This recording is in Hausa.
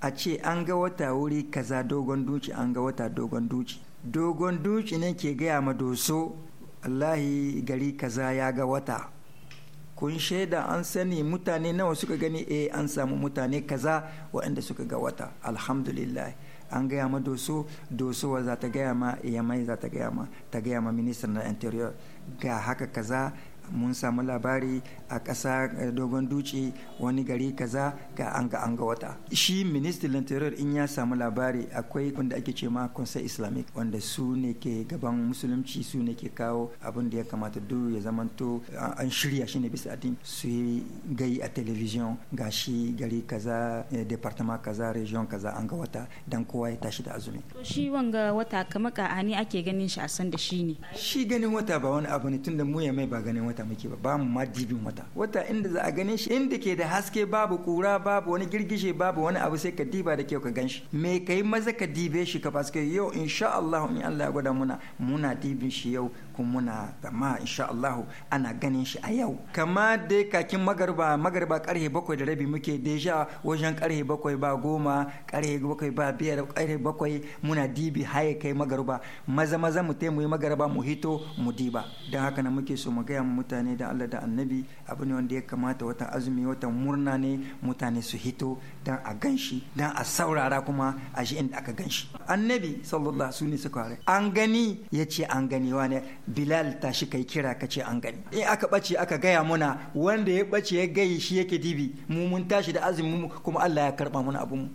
a ce an ga wata wuri kaza dogon duci an ga wata dogon duci dogon duci ne ke gaya ma doso wallahi gari kaza ya ga wata kun shaida an sani mutane nawa suka gani eh an samu mutane kaza waɗanda suka ga wata alhamdulillah an gaya ma doso doso wa za ta gaya ma yamai e za ta gaya ma ta gaya ma ministan na interior ga haka kaza mun samu labari a ƙasa eh, dogon duce wani gari kaza ga an ga an ga wata shi ministan interior in ya samu labari akwai wanda ake ce ma conseil islamic wanda su ne ke gaban musulunci su ne ke kawo abin da ya kamata duk ya zamanto an shirya shi ne bisa addini su yi gai a television ga shi gari kaza eh, departement kaza region kaza an ga wata dan kowa ya tashi da azumi shi wanga wata kamar ka ani ake ganin shi a san da shi ne shi ganin wata ba wani abu ne tunda mu ya mai ba ganin wata wata muke ba ba mu ma dibin wata wata inda za a gane shi inda ke da haske babu kura babu wani girgije, babu wani abu sai ka diba da kyau ka gan shi me kai maza ka dibe shi ka faske yau insha Allah in Allah ya gwada muna muna dibin shi yau kuma muna zama insha Allah ana ganin shi a yau kama dai kakin magarba magarba karhe bakwai da rabi muke deja wajen karhe bakwai ba goma karhe bakwai ba biyar karhe bakwai muna dibi haye kai magarba maza maza mu taimu magarba mu hito mu diba don haka na muke so mu gaya mu mutane da Allah da annabi abu ne wanda ya kamata wata azumi wata murna ne mutane su hito don a ganshi don a saurara kuma a shi inda aka ganshi annabi sallallahu su ne su kware an gani ya ce an gani ne bilal ta shi kai kira ka ce an gani in aka bace aka gaya muna wanda ya bace ya gayi shi yake dibi mu mun tashi da azumi kuma Allah ya karba mana abun